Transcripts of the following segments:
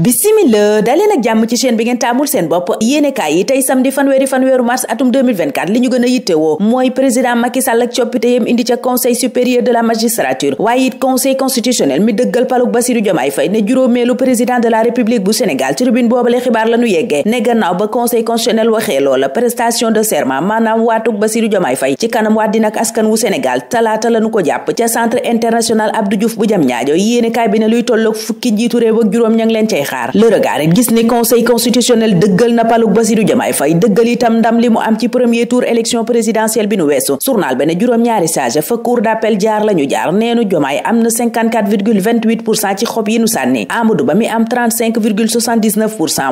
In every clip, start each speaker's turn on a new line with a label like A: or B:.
A: bisimila dalee nag jàmm ci chaîne bi ngeen taamul seen bopp yéenekaay yi tey samedi fanweeri fanweeru mars atum li ñu gën a yittewoo mooy président Macky Sall ak coppite yam indi ca conseil supérieur de la magistrature waaye it conseil constitutionnel mi dëggal palug Bassirou Diomaye Faye ne juróomeelu président de la république bu Sénégal tribune boobale xibaar la ñu yeggee ne gannaaw ba conseil constitutionnel waxee loola prestation de serment maanaam ko jàpp ca centre international Abdou Diouf bu jam le regard est gis ne conseil constitutionnel dëggal na palug Bassirou Diomaye Faye dëggal itam ndam li mu am ci premier tour élection présidentielle bi nu weesu journal bi ne juróom-ñaari sage fa cour d'appel jaar la ñu jaar neenu Diomaye am 54,28 qui ci xob yi nu sànni Amadou Ba am 35,79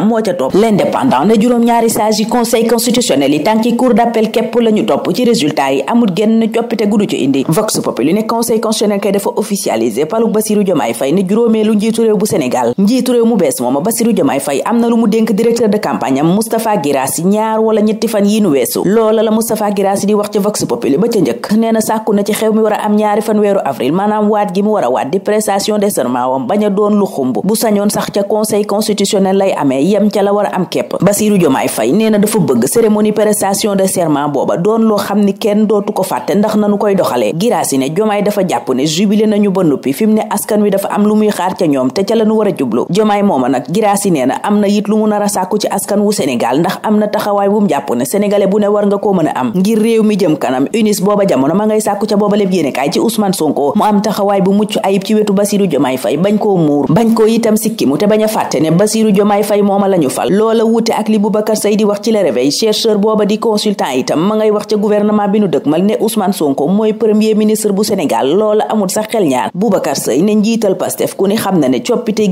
A: moo ca l'indépendant ne juróom-ñaari sage yi conseil constitutionnel yi tànki cour d'appel képp la top ci résultat yi amul genn coppite gudu ci indi vox populi ne conseil constitutionnel kay dafa officialiser palug basil Diomaye Faye ne juróomeelu njiitu réew bu Sénégal njiitu réew mu bes mooma basiru Diomaye Faye fay direktur lu mu denk directeur de campagne Mustafa girasi ñaar wala ñetti fan yi nu wessu loolu la Mustafa Guirassy di wax ci Vox Populi ba ca njëkk neena na na ci xew mi wara am ñaari fan weeru avril manam waat gi mu wara waat di prestation des serment wam bañ doon lu xumb bu sañoon sax ca conseil constitutionnel lay amé yam ca la wara am képp basiru na dafa bëgg cérémonie prestation de serment boba doon lo xamni kenn dootu ko fàtte ndax nanu koy doxalee Guirassy ne Diomaye dafa japp ne jubilé nañu ba nopi fimné askan wi dafa am lu muy xaar ca ñom té ca lañu jublu mooma nag giraasi nee na am na it lu mu nar a sàkku ci askan wu sénégal ndax am na taxawaay wum jàpp ne sénégalais bu ne war nga koo mën a am ngir réew mi jëm kanam unis booba jamono ma ngay sàkku ca booba lépp yéenekaay ci ci wetu Basiru a di wax ci Le Réveil chercheur booba di consultant itam ma ngay wax ca gouvernement bi nu dëkmal ne Ousmane Sonko mooy premier ministre bu sénégal loola amul sax xel ñaar Boubacar Seye ne njiital Pastef ku ni xam na ne coppite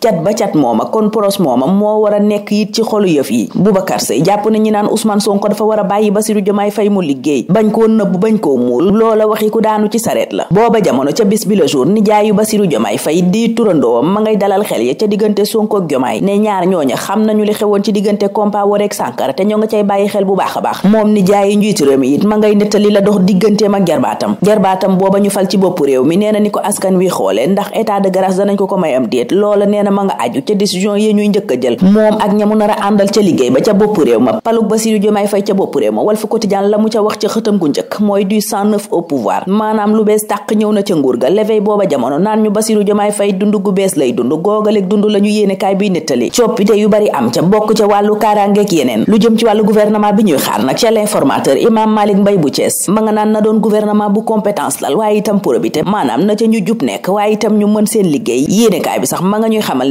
A: tuumaal cat ba cat mooma kon pros mooma moo war a nekk it ci xolu yëf yi Boubacar Seye jàpp na ñi naan Ousmane Sonko dafa a bàyyi Bassirou Diomaye Faye mu liggéey bu baax a baax moom ni jaayu njiitu réew mi it ma ngay nettali la dox digganteem ak jarbaatam booba ñu fal ci bopp réew mi nee ni ko askan wi xoole ndax état de grâce danañ ko ko may déet na a jël moom a gu njëkk mooy du 109 au pouvoir maanaam lu bees tàq ñëw na ca nguur ga levey booba jamono naan ñu Bassirou Diomaye Faye dund gu bees lay dund googaleg dund la ñu yéene kaay biy nettali coppite yu bari am ca bokk ca wàllu kaaraangeek yeneen lu jëm ci wàllu gouvernement bi ñuy xaar nag ca l'informateur imam Malick Mbaye bu Thiès ma naan na doon gouvernement bu compétence lal waaye itam probité maanaam na ca ñu jub nekk waaye itam ñu mën seen liggéey yéene bi sax ma ñuy xam xamal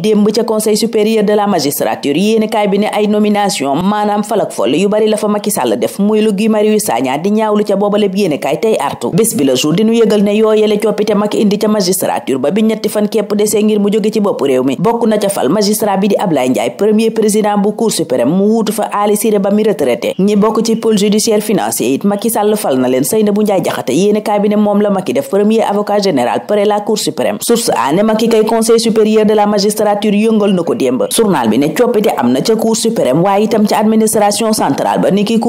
A: ne magistrature yéeni kaay bi ne ay nomination maanaam falak fol yu bari la fa Macky def muy lu Guy Marius di ñaawlu ca booba lépp yéeni kaay tey artu bés bi la jour di yëgal ne yooyele coppite Macky indi ca magistrature ba bi ñetti fan képp desee ngir mu jóge ci bopp réew mi bokk na ca fal magistrat bi di Ablaye Ndiaye premier président bu cour suprême mu wuutu fa Aly Ciré Ba mi retraité ñi bokk ci judiciaire financier it Sall fal na leen Seynabou Ndiaye Diakhaté yéene cabinet moom la Macky def premier avocat général près la cour suprême kay conseil supérieur de la magistrature yëngal na ko démb journal bi ne coppite am na ca ba ni ki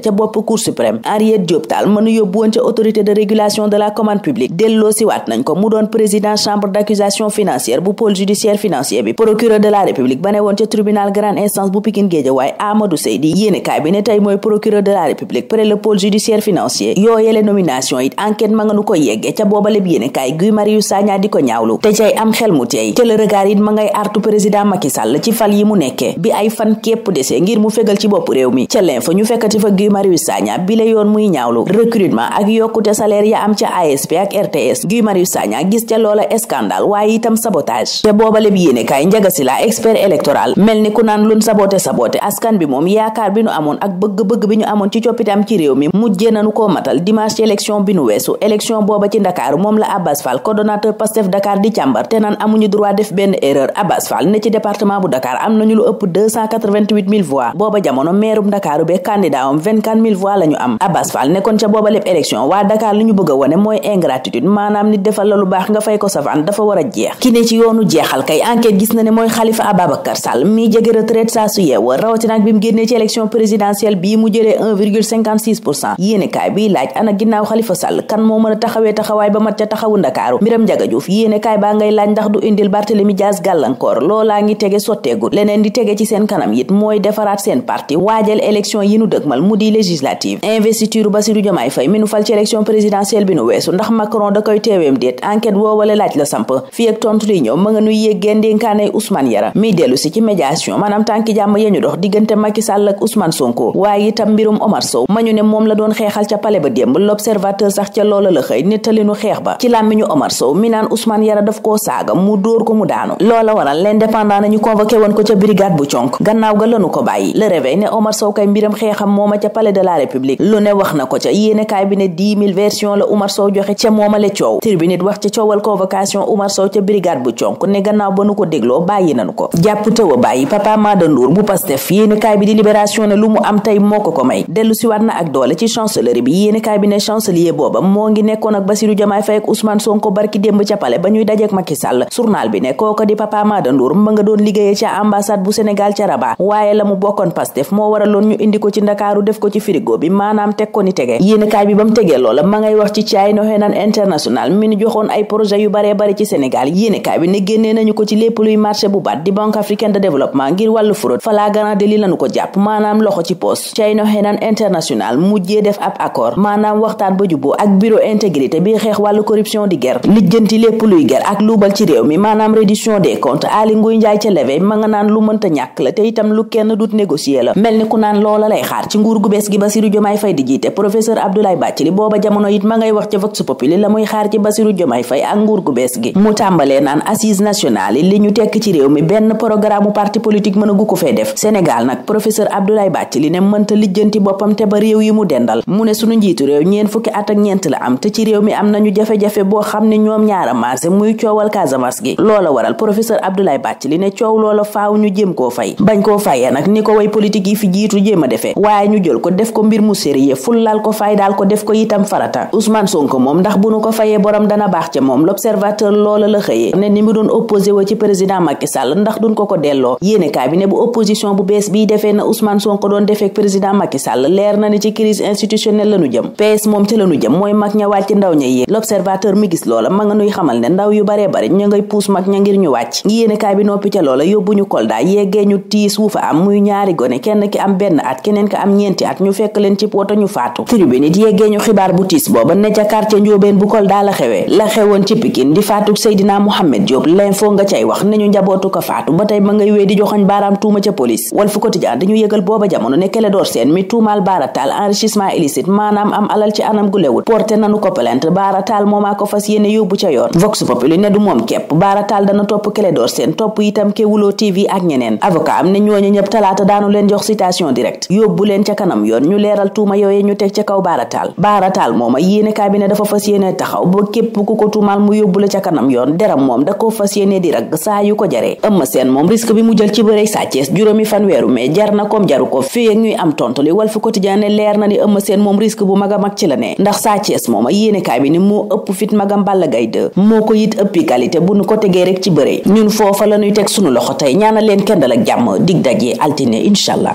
A: ca bopp cour suprême Henriette Diop Tall mënu yóbbu ca autorité de régulation de la commande publique delloo siwaat nañ ko mu doon président chambre procureur de la république ba ne woon ca tribunal grande instance bu Pikine Guédiawaye Amadou Seydi yéene kaay bi ne tey mooy procureur de la république près le pôle judiciaire financier yooyele nomination it enquête ma nga nu ko yeggee ca boobaleb yéene kaay Guy Marius Sagna di ko ñaawlu te cay am xel mu teey te le regard it ma ngay artu président Macky ci fal yi mu nekkee bi ay fan képp desee ngir mu fegal ci bopp réew mi ca l'info ñu fekkati boobaleb yéene kaay njaga si la expert électoral mel ni ku naan lun sabote sabote askan bi moom yaakaar bi nu bëgg bi ñu amoon ci coppite am ci réew mi mujjee nanu koo matal dimanche ci élection bi nu weesu élection ci ndakaaru moom la Abbas Fall coordonnateur Pastef Dakar di càmbar te naan amuñu droit def ne ci département bu Dakar am nañu lu ëpp 288 000 voix booba jamono meerub ndakaaru be candidat am 24 000 voix la ñu am Abbas Fall nekkoon ca booba lépp élection waa Dakar li ñu bëgg a wone mooy ingratitude maanaam nit defal la lu baax nga fay ko savaan dafa war jeex ki ne ci yoonu jeex jeexal kay enquête gis na ne mooy xalifa Ababacar Sall mi jege retraite saa su yeewa rawati nag bi mu génnee ci élection présidentielle bii mu jëlee 1,56 pour cent kaay bi laaj ana ginnaaw xalifa Sall kan moo mën a taxawee taxawaay ba mat ca taxawu ndakaaru mbiram Ndiaga yéene kaay baa ngay laaj ndax du indil barthélemi Dias gàllankoor loolaa ngi tege sotteegul leneen di tege ci seen kanam it mooy defaraat seen parti waajal élection yi nu dëgmal mu di législative investiture Bassirou jomaay fay mi nu fal ci élection présidentielle bi nu weesu ndax Macron da koy teeweem déet enquête woowale laaj la samp fii ak tontu li ñoom ma nga nuy yéggee ndénkaanay Ousmane Yara mi dellu si ci médiation maanaam tànki jàmm ya ñu dox diggante Macky Sall ak Ousmane waaye itam mbirum Omar Sow ma la doon xeexal ca palais ba démb l'observateur sax ca loola la xëy nettalinu xeex ba naan Ousmane Yara daf koo saaga mu dóor ko mu daanu loola waral l'indépendant nañu convoqué woon ko ca brigade bu conk gannaaw ga lanu ko bàyyi le réveil ne Omar Sow kay mbiram xeexam mooma ca palais de la république lu ne wax na ko ca yéenekaay bi ne dix version la Omar Sow joxe ca moomale gannaaw ba nu ko dégloo bàyyi nanu ko jàpp tëwa bàyyi papa Mada bu Pastef yéenekaay bi di libération ne lu mu am tey moo ko ko may dellu siwaat na ak doole ci chancellerie bi yéenekaay bi ne ko ci frigo bi maanaam teg ko ni tegee yéenekaay bi ba mu tegee loola ma ngay wax ci China Henan International mi ñu joxoon ay projet yu bare bare ci Sénégal yéenekaay bi ne génnee nañu ko ci lépp luy marché bu baat di banque africaine de développement ngir wàllu fraude falaa garant de li lañu ko jàpp maanaam loxo ci poos China Henan International mujjee def ab accord maanaam waxtaan ba juboo ak bureau intégrité bi xeex wàllu corruption di ger lijjanti lépp luy ger ak luubal ci réew mi maanaam reddition des comptes Aly Ngouille Ndiaye ca levé ma nga naan lu mënta ñàkk la te itam lu kenn dut négocier la mel ni ku naan loola lay xaar ci gu bees gi Bassirou Diomaye Faye di jiite professeur Abdoulaye Bathily booba jamono it ma ngay la muy xaar ci nationale li ñu tekk ci réew mi benn programme parti politique mën a gu ko fee def Sénégal nag professeur Abdoulaye Bathily ne mënta lijjanti boppam te ba réew yi mu dendal mu ne sunu njiitu réew ñeen fukki at ak ñeent la am te ci réew mi am nañu jafe-jafe boo xam ne ñoom ñaara maase muy coowal Casamance gi loola waral professeur bàcc li ne coow loola faaw ñu jëm koo fay bañ koo fayee nag ni ko way politique yi fi jiitu jéem a defee waaye ñu jël ko def ko mbir mu sérieux fullaal ko fay daal ko def ko itam farata Ousmane Sonko moom ndax bu nu ko fayee borom dana baax ca moom l'observateur loola la xëyee opposé wa président Macky Sall ndax duñ ko ko delloo yéene cabinet bu opposition bu bees bi defee na Ousmane Sonko doon defeek président Macky Sall leer na ne ci crise institutionnelle lañu jëm PS moom ca lañu jëm mooy mag ña wàcc ndaw ña yéeg l'observateur mi gis loola ma nga nuy xamal ne ndaw yu baree bari ña ngay puus mag ña ngir ñu wàcc ngi yéene bi noppi ca loola yóbbuñu Kolda yeggee ñu tiis wu fa am muy ñaari gone kenn ki am benn at foo nga cay wax nañu njabootu ko faatu ba tey ma ngay wéy di joxoñ baaraam tuuma ca police Walf Quotidien dañu yëgal booba jamono ne Clédor Sène mi tuumaal Bara Tall enrichissement fas yéene yóbbu ca yoon Vox Populi ne du moom képp Bara dana topp Clédor Sène topp itam Kewulo TV ak ñeneen avocat am ne ñooñu ñëpp talaata daanu leen jox citation directe yóbbu leen ca kanam yoon ñu leeral tuuma yooye ñu teg ca kaw Bara Tall moom da ko fas yéene ne di ragg saa yu ko jaree Eumeu Sène moom risque bi mu jël ci bërey Sa Thiès juróomi fanweeru mais jar na comme jaru ko fii ak ñuy am tontu li Walf Quotidien ne leer na ni Eumeu Sène moom risque bu mag a mag ci la ne ndax Sa Thiès mooma yéenekaay bi ni moo ëpp fit magam Balla Gaye 2 moo ko it ëppi qualité bu nu ko tegee rek ci bërey ñun foofa la ñuy teg sunu loxo tey ñaanal leen kendal ak jàmm dig daje altine incha allah